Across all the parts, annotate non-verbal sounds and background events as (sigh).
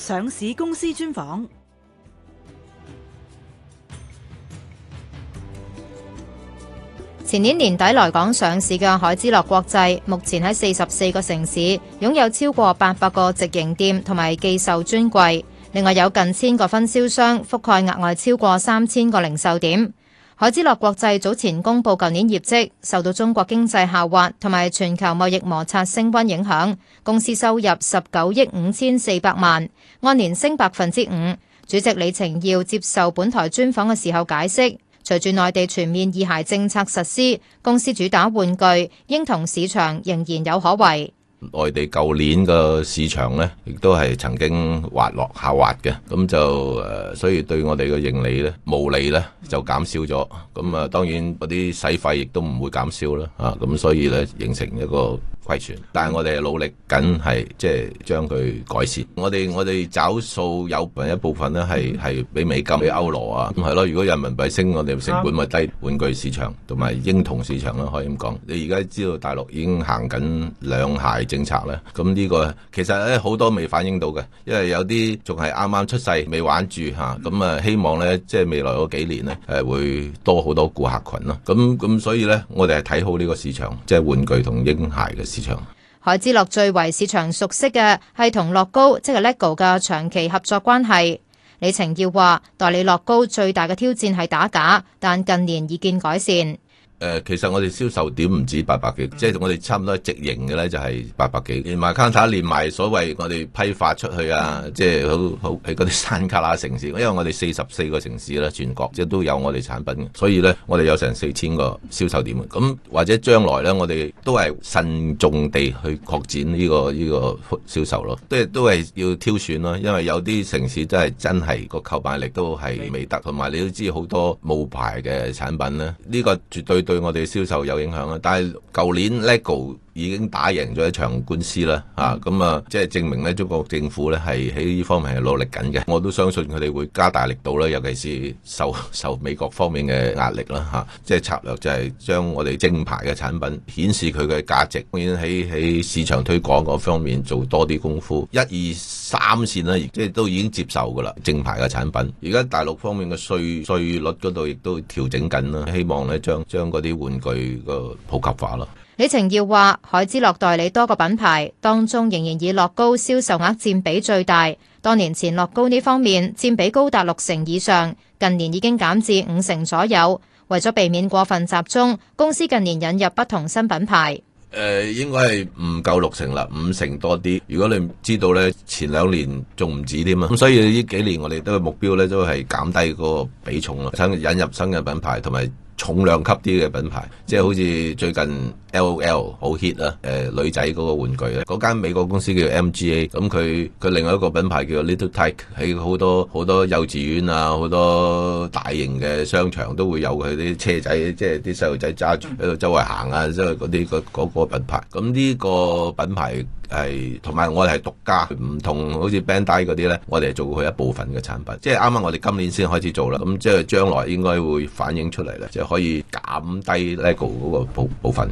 上市公司專訪。前年年底來港上市嘅凱知樂國際，目前喺四十四個城市擁有超過八百個直營店同埋寄售專櫃，另外有近千個分銷商覆蓋額外超過三千個零售點。海之樂國際早前公布舊年業績，受到中國經濟下滑同埋全球貿易摩擦升温影響，公司收入十九億五千四百萬，按年升百分之五。主席李澄曜接受本台專訪嘅時候解釋，隨住內地全面二孩政策實施，公司主打玩具嬰童市場仍然有可為。內地舊年個市場呢，亦都係曾經滑落下滑嘅，咁就誒、呃，所以對我哋嘅盈利呢，毛利呢，就減少咗。咁啊，當然嗰啲使費亦都唔會減少啦。啊，咁所以呢，形成一個。但係我哋努力緊，係即係將佢改善。我哋我哋找數有部分一部分咧，係係比美金、比歐羅啊，係咯。如果人民幣升，我哋成本咪低。玩具市場同埋嬰童市場咯，可以咁講。你而家知道大陸已經行緊兩孩政策咧，咁呢個其實咧好多未反映到嘅，因為有啲仲係啱啱出世未玩住吓，咁啊希望呢，即係未來嗰幾年咧，係會多好多顧客群咯。咁咁所以呢，我哋係睇好呢個市場，即係玩具同嬰孩嘅市場。凱知樂最為市場熟悉嘅係同樂高，即係 LEGO 嘅長期合作關係。李澄曜話，代理樂高最大嘅挑戰係打假，但近年已見改善。誒、呃，其實我哋銷售點唔止八百幾，即係我哋差唔多直營嘅呢，就係八百幾，連埋 counter，連埋所謂我哋批發出去啊，即係好好喺嗰啲山卡拉城市，因為我哋四十四個城市啦，全國，即都有我哋產品嘅，所以呢，我哋有成四千個銷售點，咁或者將來呢，我哋都係慎重地去擴展呢、呢個呢、呢個銷售咯，即係都係要挑選咯，因為有啲城市真係真係個購買力都係未得，同埋你都知好多冒牌嘅產品呢，呢、呢個絕對。對我哋銷售有影響啦，但係舊年 Lego 已經打贏咗一場官司啦，嚇咁、嗯、啊，即係證明咧，中國政府咧係喺呢方面係努力緊嘅。我都相信佢哋會加大力度啦，尤其是受受美國方面嘅壓力啦，嚇、啊。即係策略就係將我哋正牌嘅產品顯示佢嘅價值，當然喺喺市場推廣嗰方面做多啲功夫。一二三線啦，亦即係都已經接受噶啦，正牌嘅產品。而家大陸方面嘅稅稅率嗰度亦都調整緊啦，希望咧將將嗰啲玩具個普及化囉。 (noise) 李澄曜話，凱知樂代理多個品牌，當中仍然以樂高銷售額佔比最大。多年前，樂高呢方面佔比高達六成以上，近年已經減至五成左右。為咗避免過分集中，公司近年引入不同新品牌。誒，應該係唔夠六成啦，五成多啲。如果你知道咧，前兩年仲唔止添啊。咁所以呢幾年我哋都係目標咧都係減低嗰個比重咯，想引入新嘅品牌同埋重量級啲嘅品牌，即係好似最近。L.O.L 好 hit 啦，誒、呃、女仔嗰個玩具咧，嗰間美國公司叫 M.G.A，咁佢佢另外一個品牌叫 Little Tikes 喺好多好多幼稚園啊，好多大型嘅商場都會有佢啲車仔，即係啲細路仔揸住喺度周圍行啊，即係嗰啲個嗰個品牌。咁呢個品牌係同埋我哋係獨家，唔同好似 Bandai 嗰啲咧，我哋係做佢一部分嘅產品。即係啱啱我哋今年先開始做啦，咁即係將來應該會反映出嚟咧，就可以減低 Lego 嗰個部部分。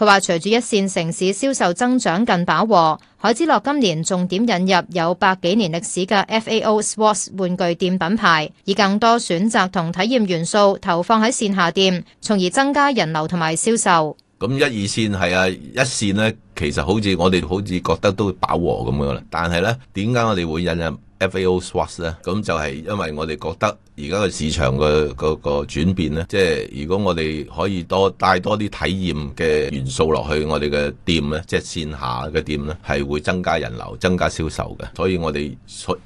佢話：隨住一線城市銷售增長近飽和，凱知樂今年重點引入有百幾年歷史嘅 FAO Schwarz 玩具店品牌，以更多選擇同體驗元素投放喺線下店，從而增加人流同埋銷售。咁一、二線係啊，一線呢其實好似我哋好似覺得都飽和咁樣啦，但係呢，點解我哋會引入 FAO Schwarz 呢？咁就係因為我哋覺得。而家個市場嘅個轉變變咧，即係如果我哋可以多帶多啲體驗嘅元素落去我哋嘅店咧，即係線下嘅店咧，係會增加人流、增加銷售嘅。所以我哋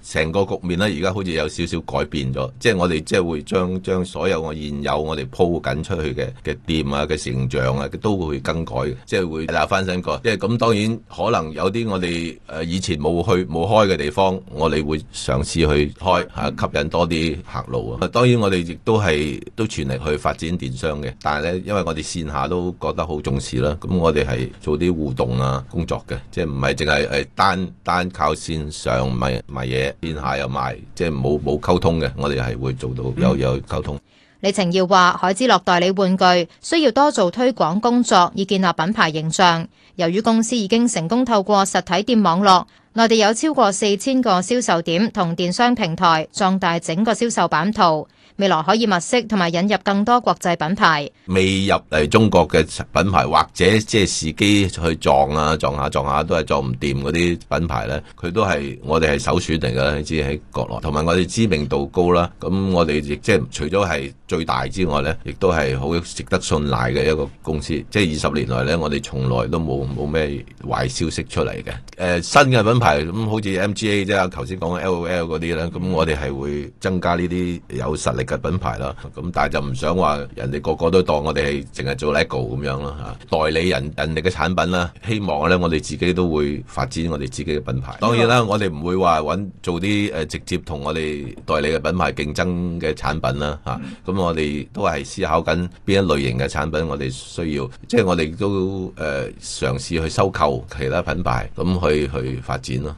成個局面咧，而家好似有少少改變咗，即係我哋即係會將將所有我現有我哋鋪緊出去嘅嘅店啊嘅成長啊，都會更改，即係會嗱翻新過。即係咁，當然可能有啲我哋誒以前冇去冇開嘅地方，我哋會嘗試去開吓，吸引多啲客路。當然，我哋亦都係都全力去發展電商嘅，但係咧，因為我哋線下都覺得好重視啦，咁我哋係做啲互動啊工作嘅，即係唔係淨係誒單單靠線上賣賣嘢，線下又賣，即係冇冇溝通嘅，我哋係會做到有有溝通。嗯、李澄曜話：凱知樂代理玩具需要多做推廣工作，以建立品牌形象。由於公司已經成功透過實體店網絡。內地有超過四千個銷售點同電商平台，壯大整個銷售版圖。未來可以物色同埋引入更多國際品牌，未入嚟中國嘅品牌，或者即係時機去撞啊撞下、啊、撞下、啊啊、都係撞唔掂嗰啲品牌咧，佢都係我哋係首選嚟㗎你知，喺國內，同埋我哋知名度高啦。咁我哋亦即係除咗係最大之外咧，亦都係好值得信賴嘅一個公司。即係二十年來咧，我哋從來都冇冇咩壞消息出嚟嘅。誒、呃、新嘅品牌咁好似 MGA 啫，頭先講嘅 LOL 嗰啲咧，咁我哋係會增加呢啲有實力嘅品牌啦，咁但係就唔想話人哋個個都當我哋係淨係做 LEGO 咁樣啦，嚇，代理人人哋嘅產品啦，希望咧我哋自己都會發展我哋自己嘅品牌。當然啦，我哋唔會話揾做啲誒直接同我哋代理嘅品牌競爭嘅產品啦吓，咁、啊、我哋都係思考緊邊一類型嘅產品我哋需要，即、就、係、是、我哋都誒嘗試去收購其他品牌，咁去去發展咯。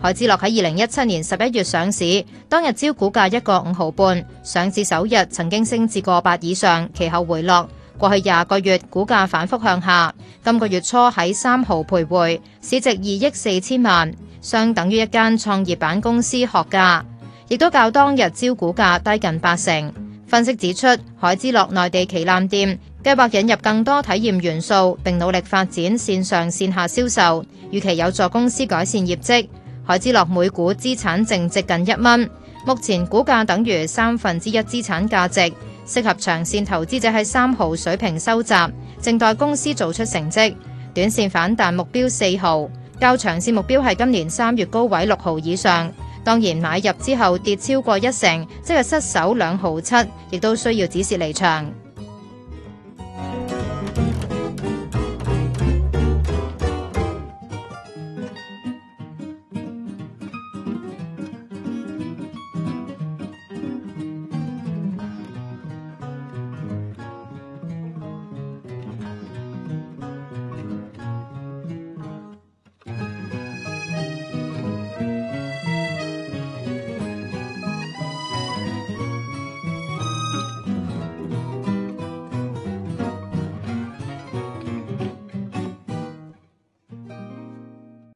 海之樂喺二零一七年十一月上市，當日招股價一個五毫半，上市首日曾經升至個八以上，其後回落。過去廿個月股價反覆向下，今個月初喺三毫徘徊，市值二億四千萬，相等於一間創業板公司殼價，亦都較當日招股價低近八成。分析指出，凱知樂內地旗艦店計劃引入更多體驗元素，並努力發展綫上綫下銷售，預期有助公司改善業績。凱知樂每股資產淨值近一蚊，目前股價等於三分之一資產價值，適合長線投資者喺三毫水平收集，正待公司做出成績。短線反彈目標四毫，較長線目標係今年三月高位六毫以上。當然買入之後跌超過一成，即係失守兩毫七，亦都需要止蝕離場。